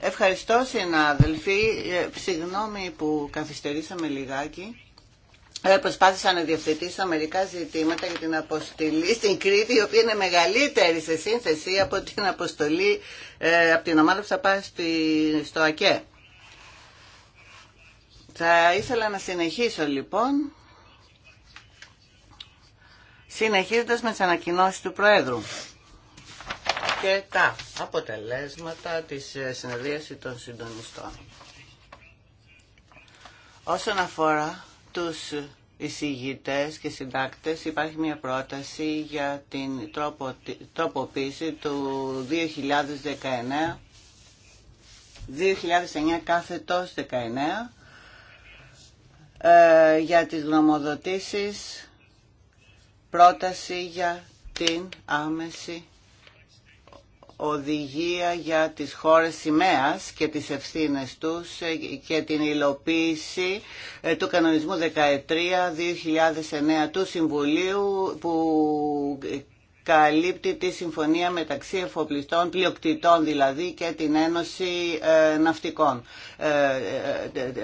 Ευχαριστώ συνάδελφοι. Ε, συγγνώμη που καθυστερήσαμε λιγάκι. Ε, προσπάθησα να διευθετήσω μερικά ζητήματα για την αποστολή στην Κρήτη, η οποία είναι μεγαλύτερη σε σύνθεση από την αποστολή ε, από την ομάδα που θα πάει στο ΑΚΕ. Θα ήθελα να συνεχίσω λοιπόν, συνεχίζοντας με τις ανακοινώσεις του Προέδρου και τα αποτελέσματα της ε, συνεδρίασης των συντονιστών. Όσον αφορά τους εισηγητές και συντάκτες υπάρχει μια πρόταση για την τροπο, τροποποίηση του 2019 2009 κάθετος 19 για τις γνωμοδοτήσεις πρόταση για την άμεση οδηγία για τις χώρες σημαία και τις ευθύνες τους και την υλοποίηση ε, του κανονισμού 13-2009 του Συμβουλίου που καλύπτει τη συμφωνία μεταξύ εφοπλιστών, πλειοκτητών δηλαδή και την Ένωση ε, Ναυτικών, ε,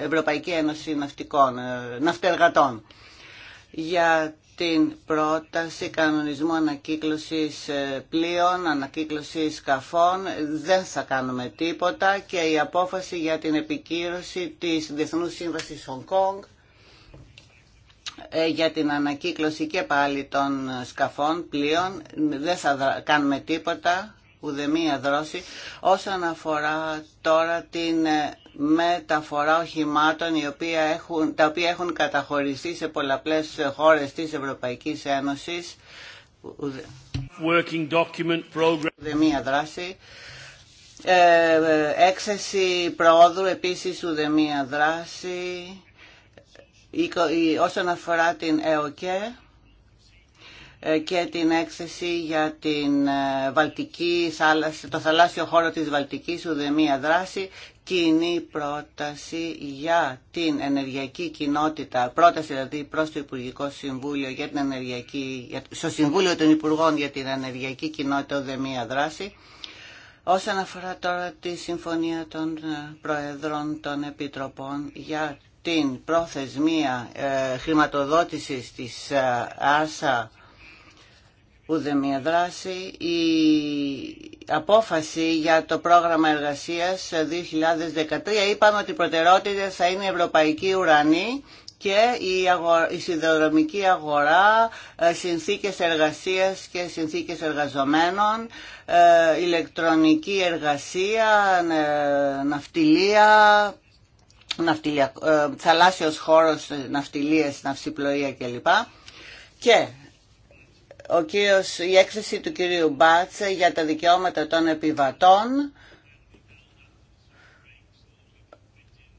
Ευρωπαϊκή Ένωση Ναυτικών, Ναυτεργατών. Για την πρόταση κανονισμού ανακύκλωσης ε, πλοίων, ανακύκλωσης σκαφών. Δεν θα κάνουμε τίποτα και η απόφαση για την επικύρωση της Διεθνούς Σύμβασης Hong Kong ε, για την ανακύκλωση και πάλι των σκαφών, πλοίων. Δεν θα κάνουμε τίποτα ουδεμία δρόση όσον αφορά τώρα την ε, μεταφορά οχημάτων οι οποία έχουν, τα οποία έχουν καταχωριστεί σε πολλαπλές χώρες της Ευρωπαϊκής Ένωσης Working document program. ουδεμία δράση ε, ε έξεση προόδου επίσης ουδεμία δράση όσον αφορά την ΕΟΚΕ ε, και την έκθεση για την ε, Βαλτική το θαλάσσιο χώρο της Βαλτικής ουδεμία δράση, κοινή πρόταση για την ενεργειακή κοινότητα, πρόταση δηλαδή προς το Υπουργικό Συμβούλιο για την ενεργειακή, στο Συμβούλιο των Υπουργών για την ενεργειακή κοινότητα ουδεμία δράση. Όσον αφορά τώρα τη Συμφωνία των ε, Προεδρών των Επιτροπών για την προθεσμία ε, χρηματοδότησης της ΆΣΑ ουδεμία δράση. Η απόφαση για το πρόγραμμα εργασίας 2013 είπαμε ότι η προτεραιότητα θα είναι η Ευρωπαϊκή Ουρανή και η, αγορα, η αγορά, ε, συνθήκες εργασίας και συνθήκες εργαζομένων, ε, ηλεκτρονική εργασία, ε, ναυτιλία, ναυτιλια, θαλάσσιος χώρος, ναυτιλίες, ναυσιπλοεία κλπ. Και ο κύριος, η έκθεση του κυρίου Μπάτσε για τα δικαιώματα των επιβατών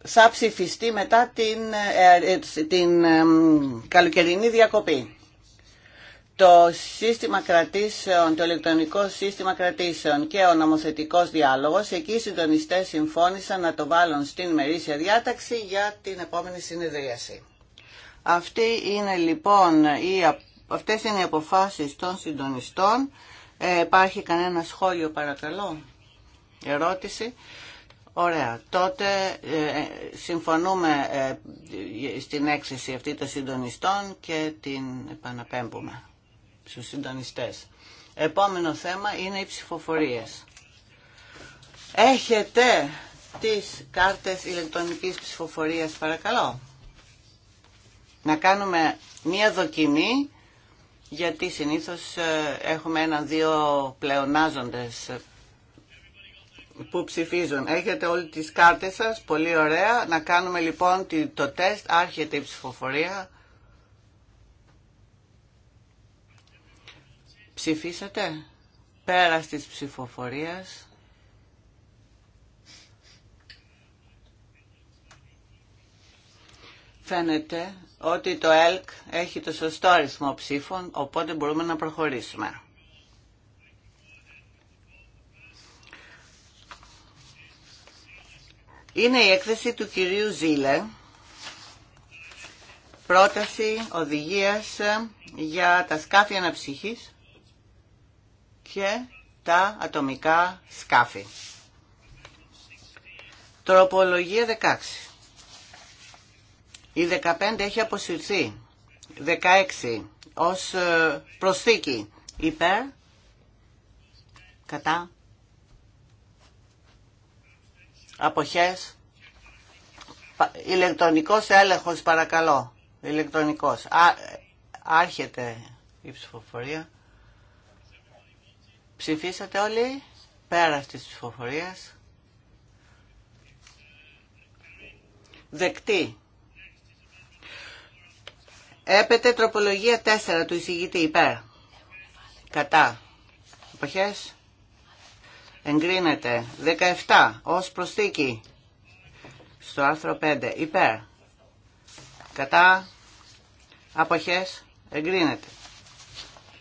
θα ψηφιστεί μετά την, ε, ε, την καλοκαιρινή διακοπή. Το σύστημα κρατήσεων, το ηλεκτρονικό σύστημα κρατήσεων και ο νομοθετικός διάλογος, εκεί οι συντονιστές συμφώνησαν να το βάλουν στην μερίσια διάταξη για την επόμενη συνεδρίαση. Αυτή είναι λοιπόν η Αυτές είναι οι αποφάσεις των συντονιστών. Ε, υπάρχει κανένα σχόλιο παρακαλώ, ερώτηση. Ωραία. Τότε ε, συμφωνούμε ε, στην έξεση αυτή των συντονιστών και την επαναπέμπουμε στους συντονιστές. Επόμενο θέμα είναι οι ψηφοφορίες. Έχετε τις κάρτες ηλεκτρονικής ψηφοφορίας παρακαλώ. Να κάνουμε μία δοκιμή γιατί συνήθως ε, έχουμε έναν-δύο πλεονάζοντες ε, που ψηφίζουν. Έχετε όλες τις κάρτες σας, πολύ ωραία. Να κάνουμε λοιπόν το τεστ, άρχεται η ψηφοφορία. Ψηφίσατε πέρα της ψηφοφορίας. Φαίνεται ότι το ΕΛΚ έχει το σωστό αριθμό ψήφων, οπότε μπορούμε να προχωρήσουμε. Είναι η έκθεση του κυρίου Ζήλε, πρόταση οδηγίας για τα σκάφη αναψυχής και τα ατομικά σκάφη. Τροπολογία 16. Η 15 έχει αποσυρθεί. 16 ως ε, προσθήκη. Υπέρ. Κατά. Αποχές. Ηλεκτρονικός έλεγχος παρακαλώ. Ηλεκτρονικός. άρχεται η ψηφοφορία. Ψηφίσατε όλοι. Πέρα τη ψηφοφορίας. Δεκτή. Έπεται τροπολογία 4 του εισηγητή υπέρ. Κατά. αποχές Εγκρίνεται. 17 ως προσθήκη. Στο άρθρο 5. Υπέρ. Κατά. Αποχές. Εγκρίνεται.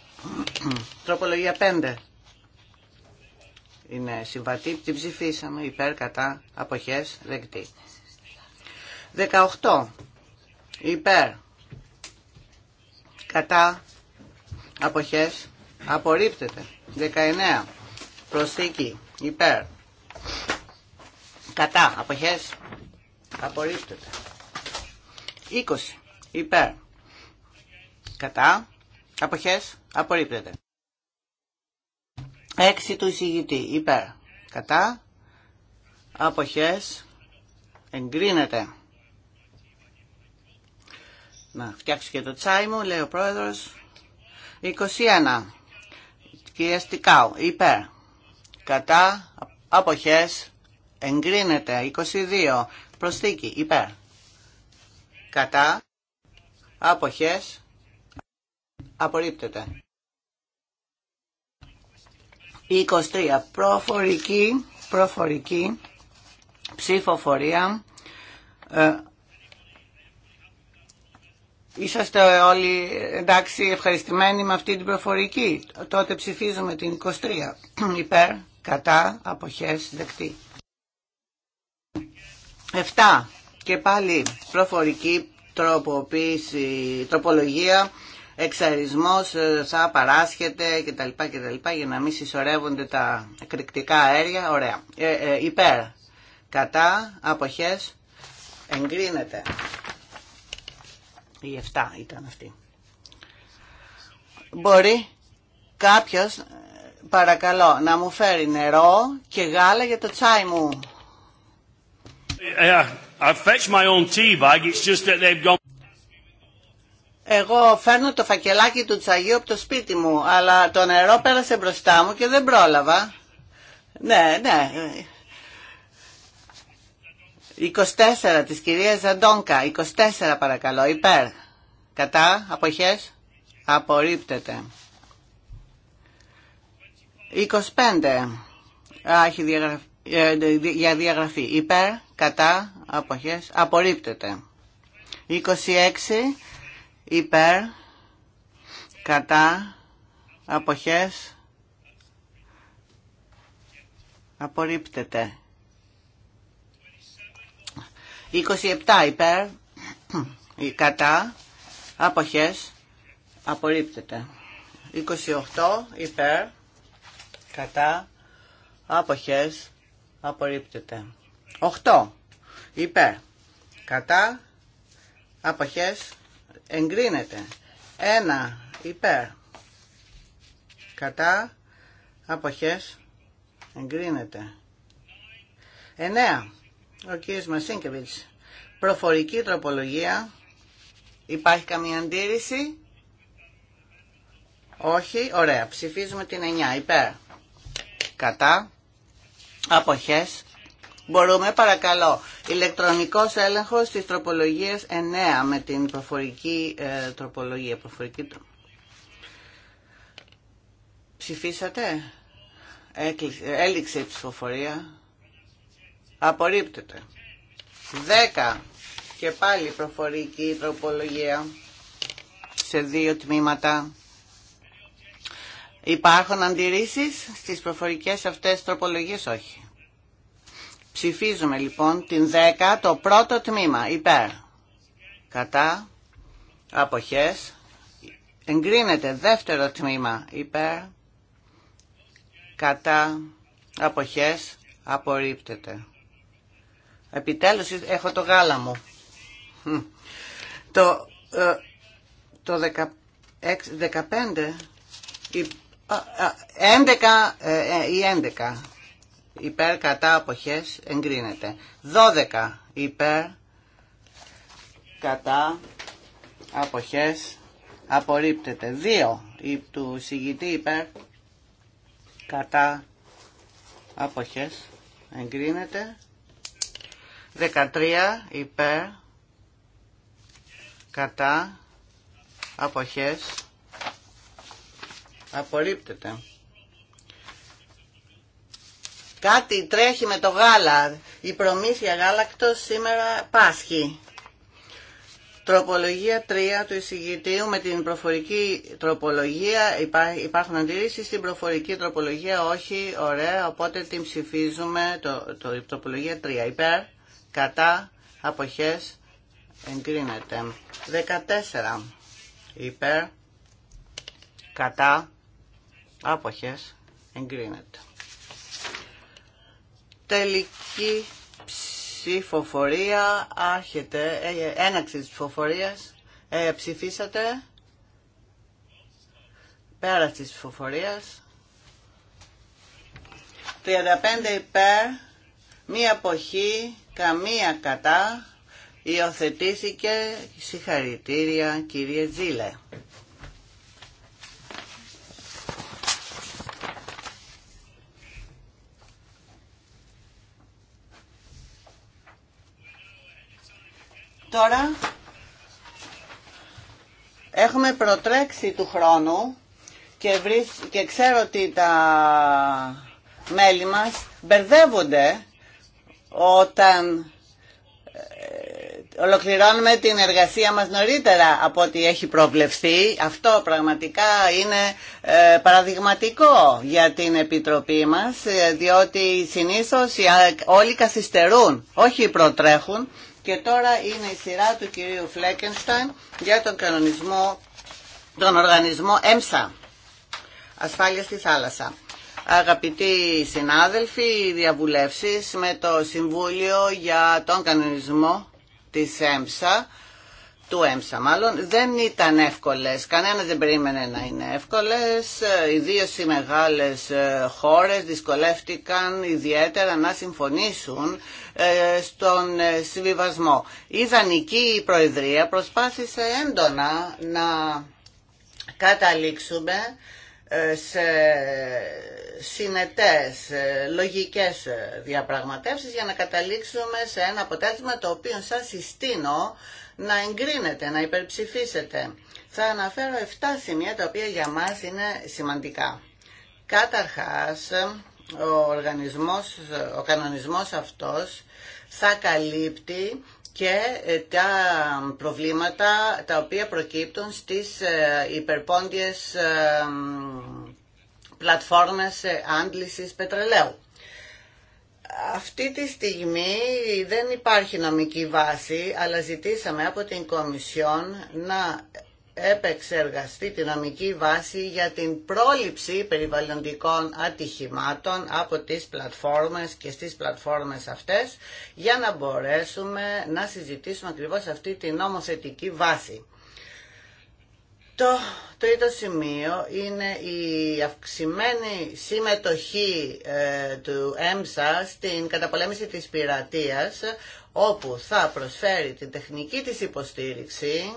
τροπολογία 5. Είναι συμβατή. Την ψηφίσαμε. Υπέρ. Κατά. Αποχές. Δεκτή. 18. Υπέρ κατά αποχές απορρίπτεται 19 προσθήκη υπέρ κατά αποχές απορρίπτεται 20 υπέρ κατά αποχές απορρίπτεται 6 του εισηγητή υπέρ κατά αποχές εγκρίνεται να φτιάξει και το τσάι μου, λέει ο πρόεδρος. 21. Κυρία Στικάου, υπέρ. Κατά, αποχές, εγκρίνεται. 22. Προσθήκη, υπέρ. Κατά, αποχές, απορρίπτεται. 23. Προφορική, προφορική, ψηφοφορία, ε, Είσαστε όλοι εντάξει ευχαριστημένοι με αυτή την προφορική. Τότε ψηφίζουμε την 23. Υπέρ, κατά, αποχές, δεκτή. 7. Και πάλι προφορική τροποποίηση, τροπολογία, εξαρισμός ε, θα παράσχεται κτλ. κτλ για να μην συσσωρεύονται τα εκρηκτικά αέρια. Ωραία. Ε, ε, υπέρ, κατά, αποχές, εγκρίνεται ή 7 ήταν αυτή. Μπορεί κάποιος, ε, παρακαλώ, να μου φέρει νερό και γάλα για το τσάι μου. Εγώ φέρνω το φακελάκι του τσαγίου από το σπίτι μου, αλλά το νερό πέρασε μπροστά μου και δεν πρόλαβα. Ναι, ναι, 24 της κυρίας Ζαντόνκα, 24 παρακαλώ, υπέρ. Κατά, αποχές, απορρίπτεται. 25, άχι διαγραφή, για διαγραφή, υπέρ, κατά, αποχές, απορρίπτεται. 26, υπέρ, κατά, αποχές, απορρίπτεται. 27 υπέρ, κατά, αποχές, απορρίπτεται. 28 υπέρ, κατά, αποχές, απορρίπτεται. 8 υπέρ, κατά, αποχές, εγκρίνεται. 1 υπέρ, κατά, αποχές, εγκρίνεται. 9 ο κ. Μασίνκεβιτς. Προφορική τροπολογία. Υπάρχει καμία αντίρρηση. Όχι. Ωραία. Ψηφίζουμε την 9. Υπέρ. Κατά. Αποχές. Μπορούμε παρακαλώ. Ηλεκτρονικός έλεγχος της τροπολογίας 9 με την προφορική ε, τροπολογία. Προφορική... Ψηφίσατε. έληξε η ψηφοφορία. Απορρίπτεται. 10. Και πάλι προφορική τροπολογία σε δύο τμήματα. Υπάρχουν αντιρρήσεις στις προφορικές αυτές τροπολογίες, όχι. Ψηφίζουμε λοιπόν την 10, το πρώτο τμήμα, υπέρ. Κατά, αποχές, εγκρίνεται δεύτερο τμήμα, υπέρ. Κατά, αποχές, απορρίπτεται. Επιτέλους έχω το γάλα μου. Το, ε, το 15 η, 11 ή 11 υπέρ κατά αποχές εγκρίνεται. 12 υπέρ κατά αποχές απορρίπτεται. 2 του συγητή υπέρ κατά αποχές εγκρίνεται. 13 υπέρ κατά αποχές απορρίπτεται. Κάτι τρέχει με το γάλα. Η προμήθεια γάλακτος σήμερα πάσχει. Τροπολογία 3 του εισηγητήου με την προφορική τροπολογία. Υπάρχουν αντιρρήσεις στην προφορική τροπολογία, όχι, ωραία, οπότε την ψηφίζουμε, το, το, τροπολογία 3 υπέρ κατά αποχές εγκρίνεται 14 υπέρ κατά άποχες εγκρίνεται τελική ψηφοφορία άρχεται ε, ε, έναξη της ψηφοφορίας ε, ψηφίσατε πέρα της ψηφοφορίας 35 υπέρ μία αποχή καμία κατά, υιοθετήθηκε συγχαρητήρια κύριε Τζίλε. Τώρα έχουμε προτρέξει του χρόνου και, και ξέρω ότι τα μέλη μας μπερδεύονται όταν ε, ολοκληρώνουμε την εργασία μας νωρίτερα από ό,τι έχει προβλεφθεί. Αυτό πραγματικά είναι ε, παραδειγματικό για την Επιτροπή μας, ε, διότι συνήθως όλοι καθυστερούν, όχι προτρέχουν. Και τώρα είναι η σειρά του κυρίου Φλέκενστάιν για τον κανονισμό, τον οργανισμό ΕΜΣΑ, ασφάλεια στη θάλασσα. Αγαπητοί συνάδελφοι, οι διαβουλεύσεις με το Συμβούλιο για τον κανονισμό της ΕΜΣΑ, του ΕΜΣΑ μάλλον, δεν ήταν εύκολες. Κανένα δεν περίμενε να είναι εύκολες. Οι δύο μεγάλες ε, χώρες δυσκολεύτηκαν ιδιαίτερα να συμφωνήσουν ε, στον ε, συμβιβασμό. Η Δανική Προεδρία προσπάθησε έντονα να καταλήξουμε σε συνετές, ε, λογικές ε, διαπραγματεύσεις για να καταλήξουμε σε ένα αποτέλεσμα το οποίο σας συστήνω να εγκρίνετε, να υπερψηφίσετε. Θα αναφέρω 7 σημεία τα οποία για μας είναι σημαντικά. Καταρχάς, ο, οργανισμός, ο κανονισμός αυτός θα καλύπτει και ε, τα προβλήματα τα οποία προκύπτουν στις υπερπόντιες πλατφόρμες ε, άντλησης πετρελαίου. Αυτή τη στιγμή δεν υπάρχει νομική βάση, αλλά ζητήσαμε από την Κομισιόν να επεξεργαστεί τη νομική βάση για την πρόληψη περιβαλλοντικών ατυχημάτων από τις πλατφόρμες και στις πλατφόρμες αυτές για να μπορέσουμε να συζητήσουμε ακριβώς αυτή τη νομοθετική βάση. Το τρίτο σημείο είναι η αυξημένη συμμετοχή ε, του ΕΜΣΑ στην καταπολέμηση της πειρατείας όπου θα προσφέρει την τεχνική της υποστήριξη.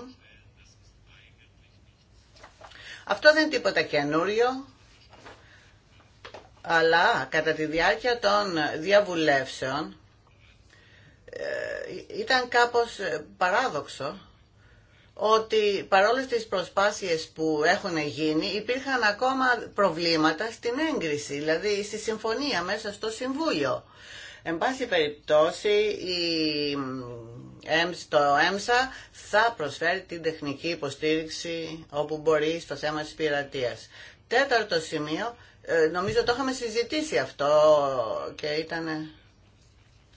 Αυτό δεν είναι τίποτα καινούριο, αλλά κατά τη διάρκεια των διαβουλεύσεων ε, ήταν κάπως παράδοξο ότι παρόλες τις προσπάσεις που έχουν γίνει υπήρχαν ακόμα προβλήματα στην έγκριση, δηλαδή στη συμφωνία μέσα στο Συμβούλιο. Εν πάση περιπτώσει η... το ΕΜΣΑ θα προσφέρει την τεχνική υποστήριξη όπου μπορεί στο θέμα της πειρατείας. Τέταρτο σημείο, ε, νομίζω το είχαμε συζητήσει αυτό και ήταν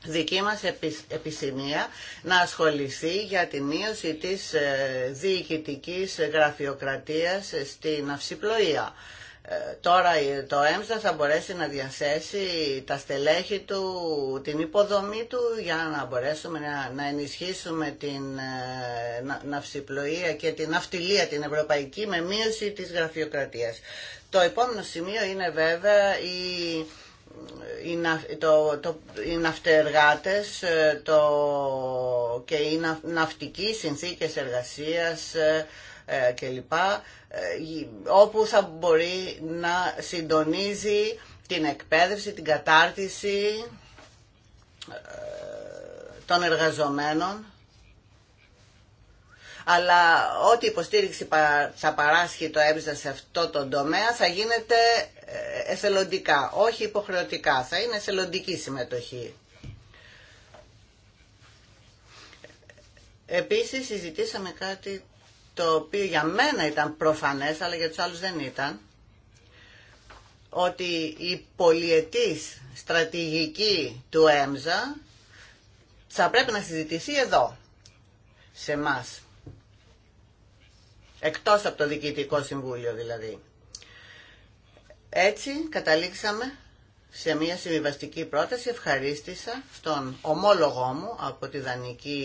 δική μας επισημία να ασχοληθεί για τη μείωση της ε, διοικητικής γραφειοκρατίας στην αυσιπλοεία. Ε, τώρα το ΕΜΣΔΑ θα μπορέσει να διαθέσει τα στελέχη του, την υποδομή του για να μπορέσουμε να, ενισχύσουμε την ε, ναυσιπλοεία και την αυτιλία την ευρωπαϊκή με μείωση της γραφειοκρατίας. Το επόμενο σημείο είναι βέβαια η το, οι ναυτεργάτες ε, το, και οι ναυτικοί συνθήκες εργασίας ε, ε, κλπ. όπου θα μπορεί να συντονίζει την εκπαίδευση, την κατάρτιση των εργαζομένων αλλά ό,τι υποστήριξη θα παράσχει το έμψα σε αυτό το τομέα θα γίνεται ε, εθελοντικά, όχι υποχρεωτικά. Θα είναι εθελοντική συμμετοχή. Επίσης συζητήσαμε κάτι το οποίο για μένα ήταν προφανές, αλλά για τους άλλους δεν ήταν, ότι η πολιετής στρατηγική του ΕΜΖΑ θα πρέπει να συζητηθεί εδώ, σε μας. Εκτός από το Διοικητικό Συμβούλιο δηλαδή. Έτσι καταλήξαμε σε μια συμβιβαστική πρόταση. Ευχαρίστησα στον ομόλογό μου από τη Δανική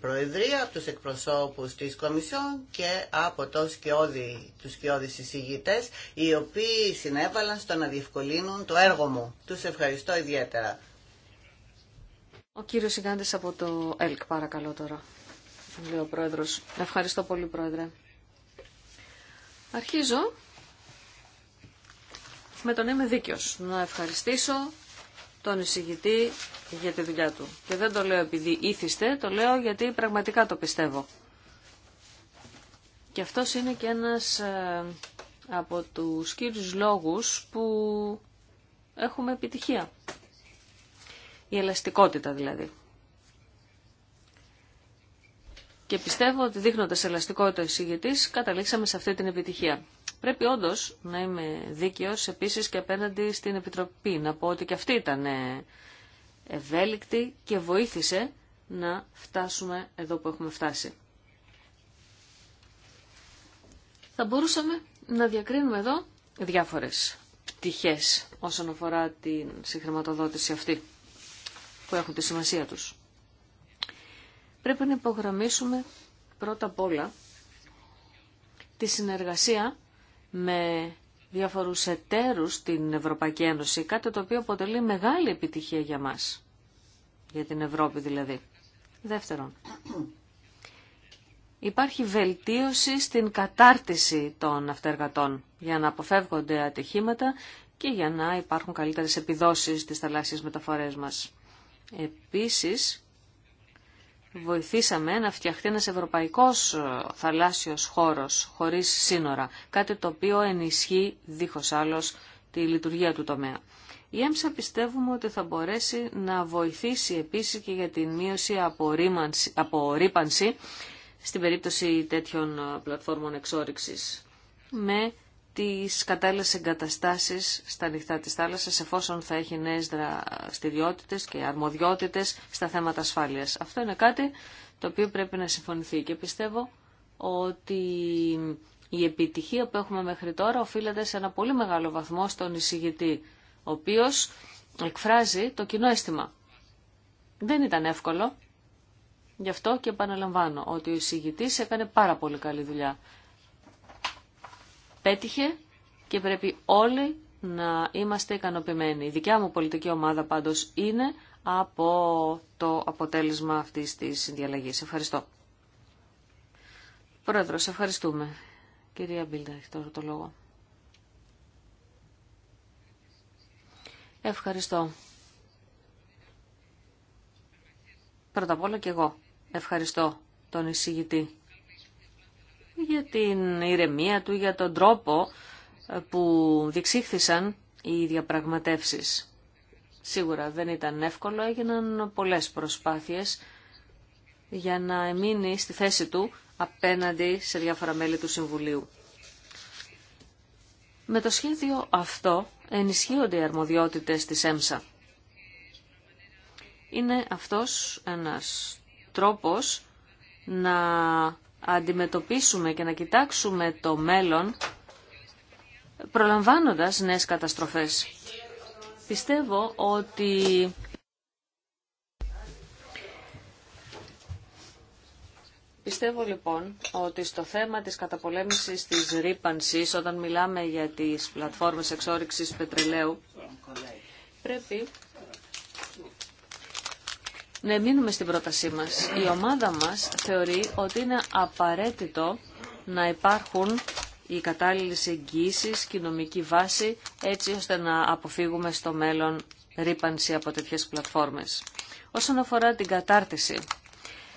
Προεδρία, από τους εκπροσώπους της Κομισιόν και από το σκιώδη, τους σκιώδης εισηγητές, οι οποίοι συνέβαλαν στο να διευκολύνουν το έργο μου. Τους ευχαριστώ ιδιαίτερα. Ο κύριος Σιγάντης από το ΕΛΚ, παρακαλώ τώρα, λέει Πρόεδρος. Ευχαριστώ πολύ, Πρόεδρε. Αρχίζω με τον είμαι δίκαιο. Να ευχαριστήσω τον εισηγητή για τη δουλειά του. Και δεν το λέω επειδή ήθιστε, το λέω γιατί πραγματικά το πιστεύω. Και αυτός είναι και ένας ε, από του κύριους λόγους που έχουμε επιτυχία. Η ελαστικότητα δηλαδή. Και πιστεύω ότι δείχνοντας ελαστικότητα εισηγητής καταλήξαμε σε αυτή την επιτυχία. Πρέπει όντω να είμαι δίκαιο επίσης και απέναντι στην Επιτροπή. Να πω ότι και αυτή ήταν ε, ευέλικτη και βοήθησε να φτάσουμε εδώ που έχουμε φτάσει. Θα μπορούσαμε να διακρίνουμε εδώ διάφορες πτυχές όσον αφορά την συγχρηματοδότηση αυτή που έχουν τη σημασία τους. Πρέπει να υπογραμμίσουμε πρώτα απ' όλα τη συνεργασία με διαφορούς εταίρους στην Ευρωπαϊκή Ένωση, κάτι το οποίο αποτελεί μεγάλη επιτυχία για μας, για την Ευρώπη δηλαδή. Δεύτερον, υπάρχει βελτίωση στην κατάρτιση των αυτεργατών για να αποφεύγονται ατυχήματα και για να υπάρχουν καλύτερες επιδόσεις στις θαλάσσιες μεταφορές μας. Επίσης, βοηθήσαμε να φτιαχτεί ένας ευρωπαϊκός ε, θαλάσσιος χώρος χωρίς σύνορα, κάτι το οποίο ενισχύει δίχως άλλος τη λειτουργία του τομέα. Η ΕΜΣΑ πιστεύουμε ότι θα μπορέσει να βοηθήσει επίσης και για την μείωση απορρίπανση στην περίπτωση τέτοιων ε, πλατφόρμων εξόριξης με τις κατάλληλες εγκαταστάσεις στα νυχτά της θάλασσας εφόσον θα έχει νέες δραστηριότητες και αρμοδιότητες στα θέματα ασφάλειας. Αυτό είναι κάτι το οποίο πρέπει να συμφωνηθεί και πιστεύω ότι η επιτυχία που έχουμε μέχρι τώρα οφείλεται σε ένα πολύ μεγάλο βαθμό στον εισηγητή, ο οποίος εκφράζει το κοινό αίσθημα. Δεν ήταν εύκολο, γι' αυτό και επαναλαμβάνω ότι ο εισηγητής έκανε πάρα πολύ καλή δουλειά πέτυχε και πρέπει όλοι να είμαστε ικανοποιημένοι. Η δικιά μου πολιτική ομάδα πάντως είναι από το αποτέλεσμα αυτής της διαλλαγής. Ευχαριστώ. Πρόεδρο, ευχαριστούμε. Κυρία Μπίλτα, έχει τώρα το λόγο. Ευχαριστώ. Πρώτα απ' όλα και εγώ ευχαριστώ τον εισηγητή για την ηρεμία του, για τον τρόπο ε, που διεξήχθησαν οι διαπραγματεύσεις. Σίγουρα δεν ήταν εύκολο, έγιναν πολλές προσπάθειες για να εμείνει στη θέση του απέναντι σε διάφορα μέλη του Συμβουλίου. Με το σχέδιο αυτό ενισχύονται οι αρμοδιότητες της ΕΜΣΑ. Είναι αυτός ένας τρόπος να αντιμετωπίσουμε και να κοιτάξουμε το μέλλον προλαμβάνοντας νέες καταστροφές. Πιστεύω ότι Πιστεύω λοιπόν ότι στο θέμα της καταπολέμησης της ρήπανση, όταν μιλάμε για τις πλατφόρμες εξόριξης πετρελαίου πρέπει να μείνουμε στην πρότασή μας. Η ομάδα μας θεωρεί ότι είναι απαραίτητο να υπάρχουν οι κατάλληλες εγγύησεις και η νομική βάση έτσι ώστε να αποφύγουμε στο μέλλον ρήπανση από τέτοιες πλατφόρμες. Όσον αφορά την κατάρτιση,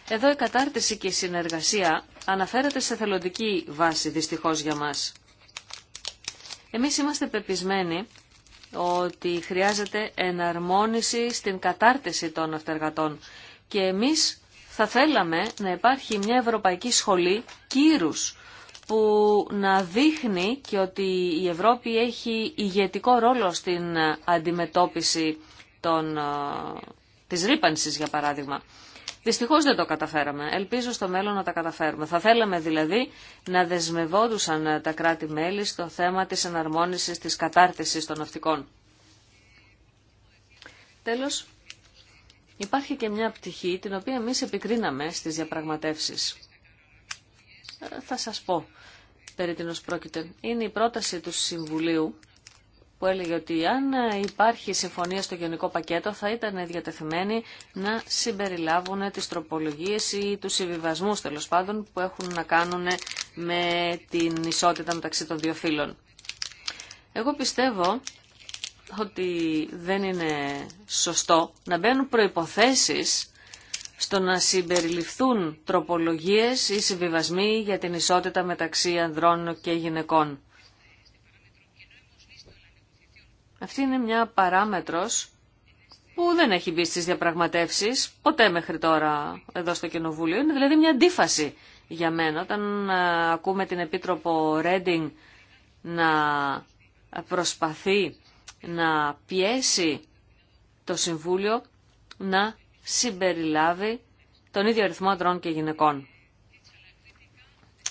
εδώ η κατάρτιση και η συνεργασία αναφέρεται σε θελοντική βάση δυστυχώς για μας. Εμείς είμαστε πεπισμένοι ότι χρειάζεται εναρμόνιση στην κατάρτιση των αυτεργατών. Και εμείς θα θέλαμε να υπάρχει μια ευρωπαϊκή σχολή κύρους που να δείχνει και ότι η Ευρώπη έχει ηγετικό ρόλο στην αντιμετώπιση των, ε, της ρήπανσης για παράδειγμα. Δυστυχώς δεν το καταφέραμε. Ελπίζω στο μέλλον να τα καταφέρουμε. Θα θέλαμε δηλαδή να δεσμευόντουσαν ε, τα κράτη-μέλη στο θέμα της εναρμόνισης της κατάρτισης των ναυτικών. Τέλος, υπάρχει και μια πτυχή την οποία εμείς επικρίναμε στις διαπραγματεύσεις. Ε, θα σας πω περί την πρόκειται. Είναι η πρόταση του Συμβουλίου που έλεγε ότι αν υπάρχει συμφωνία στο γενικό πακέτο θα ήταν διατεθειμένοι να συμπεριλάβουν τις τροπολογίες ή τους συμβιβασμούς τέλο πάντων που έχουν να κάνουν με την ισότητα μεταξύ των δύο φύλων. Εγώ πιστεύω ότι δεν είναι σωστό να μπαίνουν προϋποθέσεις στο να συμπεριληφθούν τροπολογίες ή συμβιβασμοί για την ισότητα μεταξύ ανδρών και γυναικών. Αυτή είναι μια παράμετρος που δεν έχει μπει στις διαπραγματεύσεις ποτέ μέχρι τώρα εδώ στο Κοινοβούλιο. Είναι δηλαδή μια αντίφαση για μένα όταν ε, ακούμε την Επίτροπο Ρέντινγκ να προσπαθεί να πιέσει το Συμβούλιο να συμπεριλάβει τον ίδιο αριθμό αντρών και γυναικών.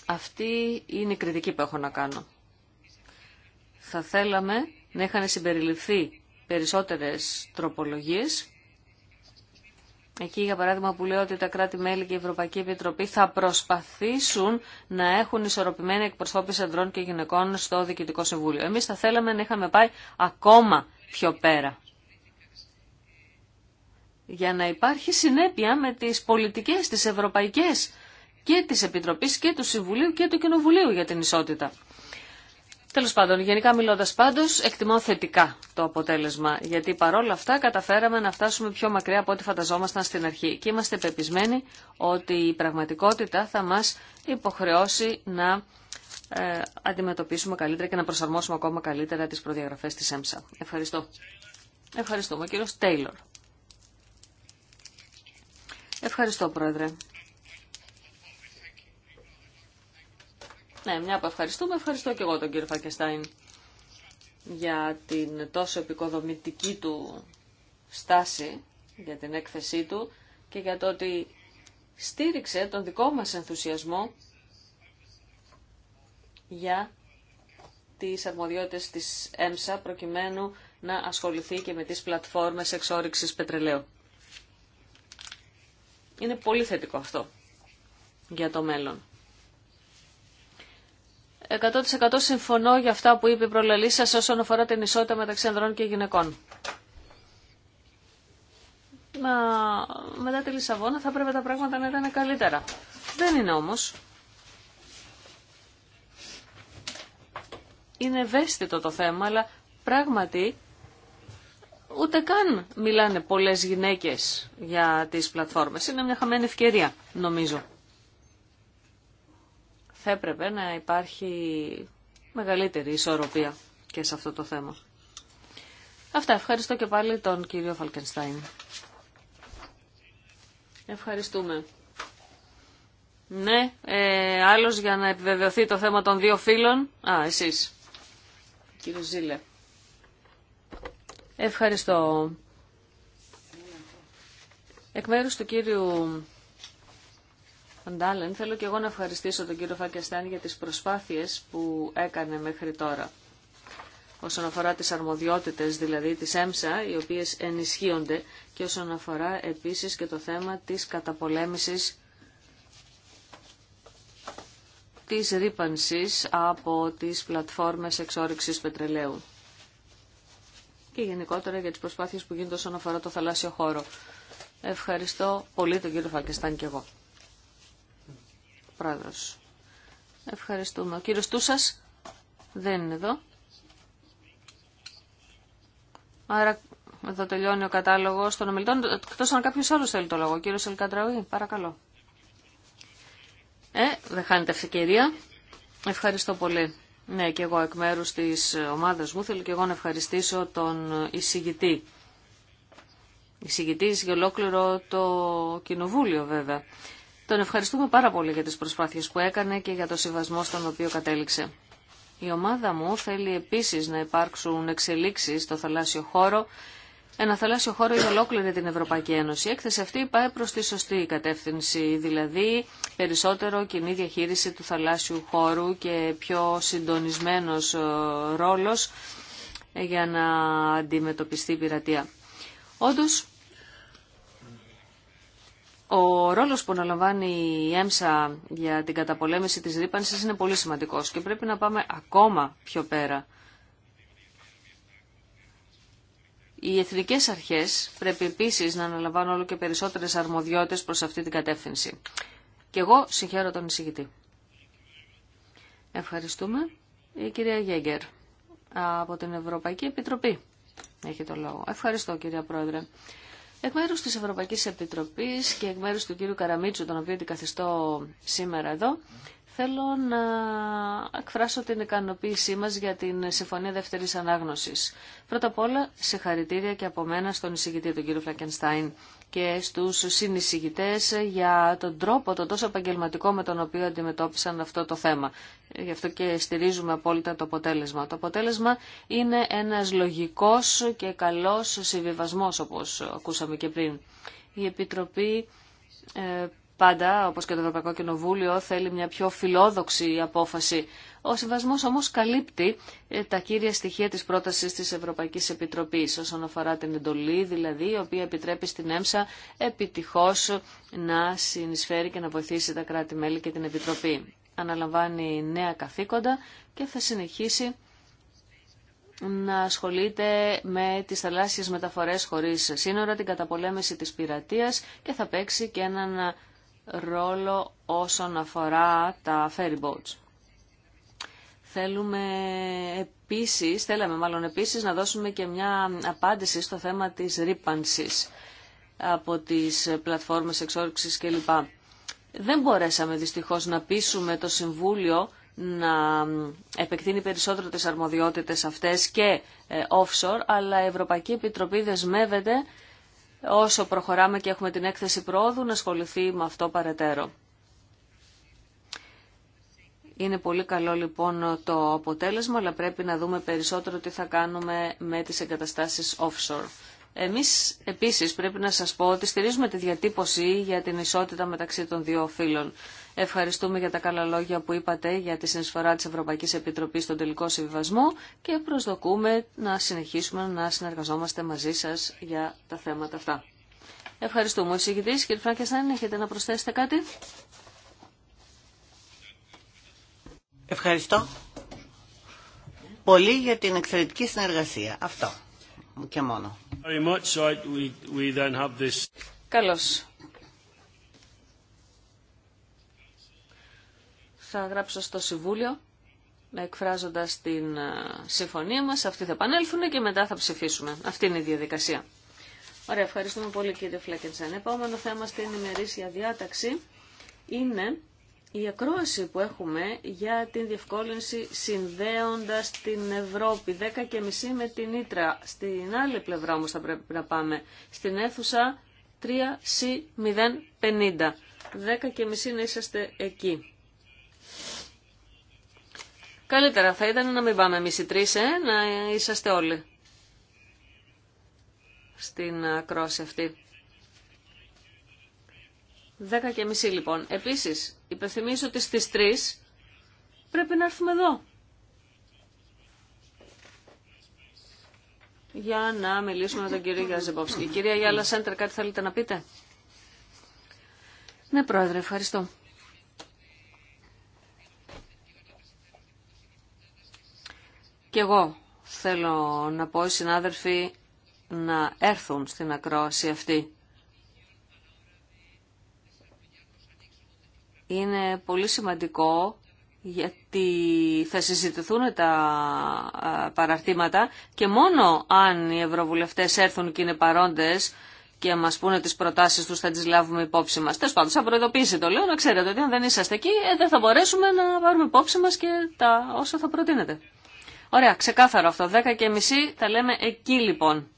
Αυτή είναι η κριτική που έχω να κάνω. Θα θέλαμε να είχαν συμπεριληφθεί περισσότερες τροπολογίες. Εκεί, για παράδειγμα, που λέω ότι τα κράτη-μέλη και η Ευρωπαϊκή Επιτροπή θα προσπαθήσουν να έχουν ισορροπημένη εκπροσώπηση ανδρών και γυναικών στο Διοικητικό Συμβούλιο. Εμείς θα θέλαμε να είχαμε πάει ακόμα πιο πέρα. Για να υπάρχει συνέπεια με τις πολιτικές, τις ευρωπαϊκές και της Επιτροπής και του Συμβουλίου και του Κοινοβουλίου για την ισότητα. Τέλος πάντων, γενικά μιλώντας πάντως, εκτιμώ θετικά το αποτέλεσμα, γιατί παρόλα αυτά καταφέραμε να φτάσουμε πιο μακριά από ό,τι φανταζόμασταν στην αρχή και είμαστε πεπισμένοι ότι η πραγματικότητα θα μας υποχρεώσει να ε, αντιμετωπίσουμε καλύτερα και να προσαρμόσουμε ακόμα καλύτερα τις προδιαγραφές της ΕΜΣΑ. Ευχαριστώ. Ευχαριστούμε, κύριος Τέιλορ. Ευχαριστώ, Πρόεδρε. Ναι, μια που ευχαριστούμε, ευχαριστώ και εγώ τον κύριο Φακεστάιν για την τόσο επικοδομητική του στάση, για την έκθεσή του και για το ότι στήριξε τον δικό μας ενθουσιασμό για τις αρμοδιότητες της ΕΜΣΑ προκειμένου να ασχοληθεί και με τις πλατφόρμες εξόριξης πετρελαίου. Είναι πολύ θετικό αυτό για το μέλλον. 100% συμφωνώ για αυτά που είπε η προλαλή σας όσον αφορά την ισότητα μεταξύ ανδρών και γυναικών. Μα μετά τη Λισαβόνα θα πρέπει τα πράγματα να ήταν καλύτερα. Δεν είναι όμως. Είναι ευαίσθητο το θέμα, αλλά πράγματι ούτε καν μιλάνε πολλές γυναίκες για τις πλατφόρμες. Είναι μια χαμένη ευκαιρία, νομίζω θα έπρεπε να υπάρχει μεγαλύτερη ισορροπία και σε αυτό το θέμα. Αυτά. Ευχαριστώ και πάλι τον κύριο Φαλκενστάιν. Ευχαριστούμε. Ναι, ε, άλλος για να επιβεβαιωθεί το θέμα των δύο φίλων. Α, εσείς. Κύριο Ζήλε. Ευχαριστώ. Εκ μέρους του κύριου Φαντάλεν, θέλω και εγώ να ευχαριστήσω τον κύριο Φακεστάν για τις προσπάθειες που έκανε μέχρι τώρα. Όσον αφορά τις αρμοδιότητες δηλαδή της ΕΜΣΑ, οι οποίες ενισχύονται και όσον αφορά επίσης και το θέμα της καταπολέμησης της ρήπανσης από τις πλατφόρμες εξόρυξης πετρελαίου και γενικότερα για τις προσπάθειες που γίνονται όσον αφορά το θαλάσσιο χώρο. Ευχαριστώ πολύ τον κύριο Φακεστάν και εγώ. Πρόεδρος. Ευχαριστούμε. Ο κύριος Τούσας δεν είναι εδώ. Άρα εδώ τελειώνει ο κατάλογος των ομιλητών. Εκτός αν κάποιος άλλος θέλει το λόγο. Ο κύριος παρακαλώ. Ε, δεν χάνετε ευκαιρία. Ευχαριστώ πολύ. Ναι, και εγώ εκ μέρους της ομάδας μου θέλω και εγώ να ευχαριστήσω τον εισηγητή. Εισηγητής για ολόκληρο το κοινοβούλιο βέβαια. Τον ευχαριστούμε πάρα πολύ για τις προσπάθειες που έκανε και για το συμβασμό στον οποίο κατέληξε. Η ομάδα μου θέλει επίσης να υπάρξουν εξελίξεις στο θαλάσσιο χώρο, ένα θαλάσσιο χώρο για ολόκληρη την Ευρωπαϊκή Ένωση. Η έκθεση αυτή πάει προς τη σωστή κατεύθυνση, δηλαδή περισσότερο κοινή διαχείριση του θαλάσσιου χώρου και πιο συντονισμένος ε, ρόλος για να αντιμετωπιστεί η πειρατεία. Όντως, ο ρόλος που αναλαμβάνει η ΕΜΣΑ για την καταπολέμηση της ρήπανσης είναι πολύ σημαντικός και πρέπει να πάμε ακόμα πιο πέρα. Οι εθνικές αρχές πρέπει επίσης να αναλαμβάνουν όλο και περισσότερες αρμοδιότητες προς αυτή την κατεύθυνση. Και εγώ συγχαίρω τον εισηγητή. Ευχαριστούμε. Η κυρία Γέγκερ από την Ευρωπαϊκή Επιτροπή έχει το λόγο. Ευχαριστώ κυρία Πρόεδρε. Εκ μέρου τη Ευρωπαϊκή Επιτροπή και εκ μέρου του κύριου Καραμίτσου, τον οποίο καθιστώ σήμερα εδώ, Θέλω να εκφράσω την ικανοποίησή μας για την Συμφωνία Δεύτερης Ανάγνωσης. Πρώτα απ' όλα, χαρητήρια και από μένα στον εισηγητή, τον κύριο Φλακενστάιν, και στους συνεισηγητές για τον τρόπο, τον τόσο επαγγελματικό με τον οποίο αντιμετώπισαν αυτό το θέμα. Γι' αυτό και στηρίζουμε απόλυτα το αποτέλεσμα. Το αποτέλεσμα είναι ένας λογικός και καλός συμβιβασμός, όπως ακούσαμε και πριν. Η Επιτροπή ε, Πάντα, όπω και το Ευρωπαϊκό Κοινοβούλιο, θέλει μια πιο φιλόδοξη απόφαση. Ο συμβασμό όμω καλύπτει ε, τα κύρια στοιχεία τη πρόταση τη Ευρωπαϊκή Επιτροπή όσον αφορά την εντολή, δηλαδή, η οποία επιτρέπει στην ΕΜΣΑ επιτυχώ να συνεισφέρει και να βοηθήσει τα κράτη-μέλη και την Επιτροπή. Αναλαμβάνει νέα καθήκοντα και θα συνεχίσει να ασχολείται με τις θαλάσσιες μεταφορές χωρίς σύνορα, την καταπολέμηση της πειρατείας και θα παίξει και έναν ρόλο όσον αφορά τα ferry boats. Θέλουμε επίσης, θέλαμε μάλλον επίσης να δώσουμε και μια απάντηση στο θέμα της ρήπανση από τις πλατφόρμες εξόρυξης κλπ. Δεν μπορέσαμε δυστυχώς να πείσουμε το Συμβούλιο να επεκτείνει περισσότερο τις αρμοδιότητες αυτές και ε, offshore, αλλά η Ευρωπαϊκή Επιτροπή δεσμεύεται όσο προχωράμε και έχουμε την έκθεση πρόοδου να ασχοληθεί με αυτό παρετέρω. Είναι πολύ καλό λοιπόν το αποτέλεσμα, αλλά πρέπει να δούμε περισσότερο τι θα κάνουμε με τις εγκαταστάσεις offshore. Εμείς επίσης πρέπει να σας πω ότι στηρίζουμε τη διατύπωση για την ισότητα μεταξύ των δύο φύλων. Ευχαριστούμε για τα καλά λόγια που είπατε για τη συνεισφορά της Ευρωπαϊκής Επιτροπής στον τελικό συμβιβασμό και προσδοκούμε να συνεχίσουμε να συνεργαζόμαστε μαζί σας για τα θέματα αυτά. Ευχαριστούμε. Ο εισηγητής, κύριε Φράγκεσταν, έχετε να προσθέσετε κάτι. Ευχαριστώ πολύ για την εξαιρετική συνεργασία. Αυτό και μόνο. Καλώς. Θα γράψω στο Συμβούλιο, εκφράζοντας την ε, συμφωνία μας. Αυτοί θα επανέλθουν και μετά θα ψηφίσουμε. Αυτή είναι η διαδικασία. Ωραία, ευχαριστούμε πολύ κύριε Φλέκεντσαν. Επόμενο θέμα στην ημερήσια διάταξη είναι η ακρόαση που έχουμε για την διευκόλυνση συνδέοντας την Ευρώπη 10 και μισή με την Ήτρα. Στην άλλη πλευρά όμως θα πρέπει να πάμε. Στην αίθουσα 3C050. 10 και μισή να είσαστε εκεί. Καλύτερα θα ήταν να μην πάμε εμείς οι τρεις, ε, να είσαστε όλοι στην ακρόαση αυτή. Δέκα και μισή λοιπόν. Επίσης, υπενθυμίζω ότι στις 3 πρέπει να έρθουμε εδώ. Για να μιλήσουμε με τον κύριο Γιαζεμπόφσκι. Κυρία Γιάλα Σέντερ, κάτι θέλετε να πείτε. Ναι, Πρόεδρε, ευχαριστώ. Και εγώ θέλω να πω οι συνάδελφοι να έρθουν στην ακρόαση αυτή. είναι πολύ σημαντικό γιατί θα συζητηθούν τα παραρτήματα και μόνο αν οι ευρωβουλευτές έρθουν και είναι παρόντες και μα πούνε τις προτάσεις τους θα τι λάβουμε υπόψη μας. Τέλο πάντων, σαν προειδοποίηση το λέω, να ξέρετε ότι αν δεν είσαστε εκεί ε, δεν θα μπορέσουμε να πάρουμε υπόψη μας και τα όσα θα προτείνετε. Ωραία, ξεκάθαρο αυτό. 10 και μισή θα λέμε εκεί λοιπόν.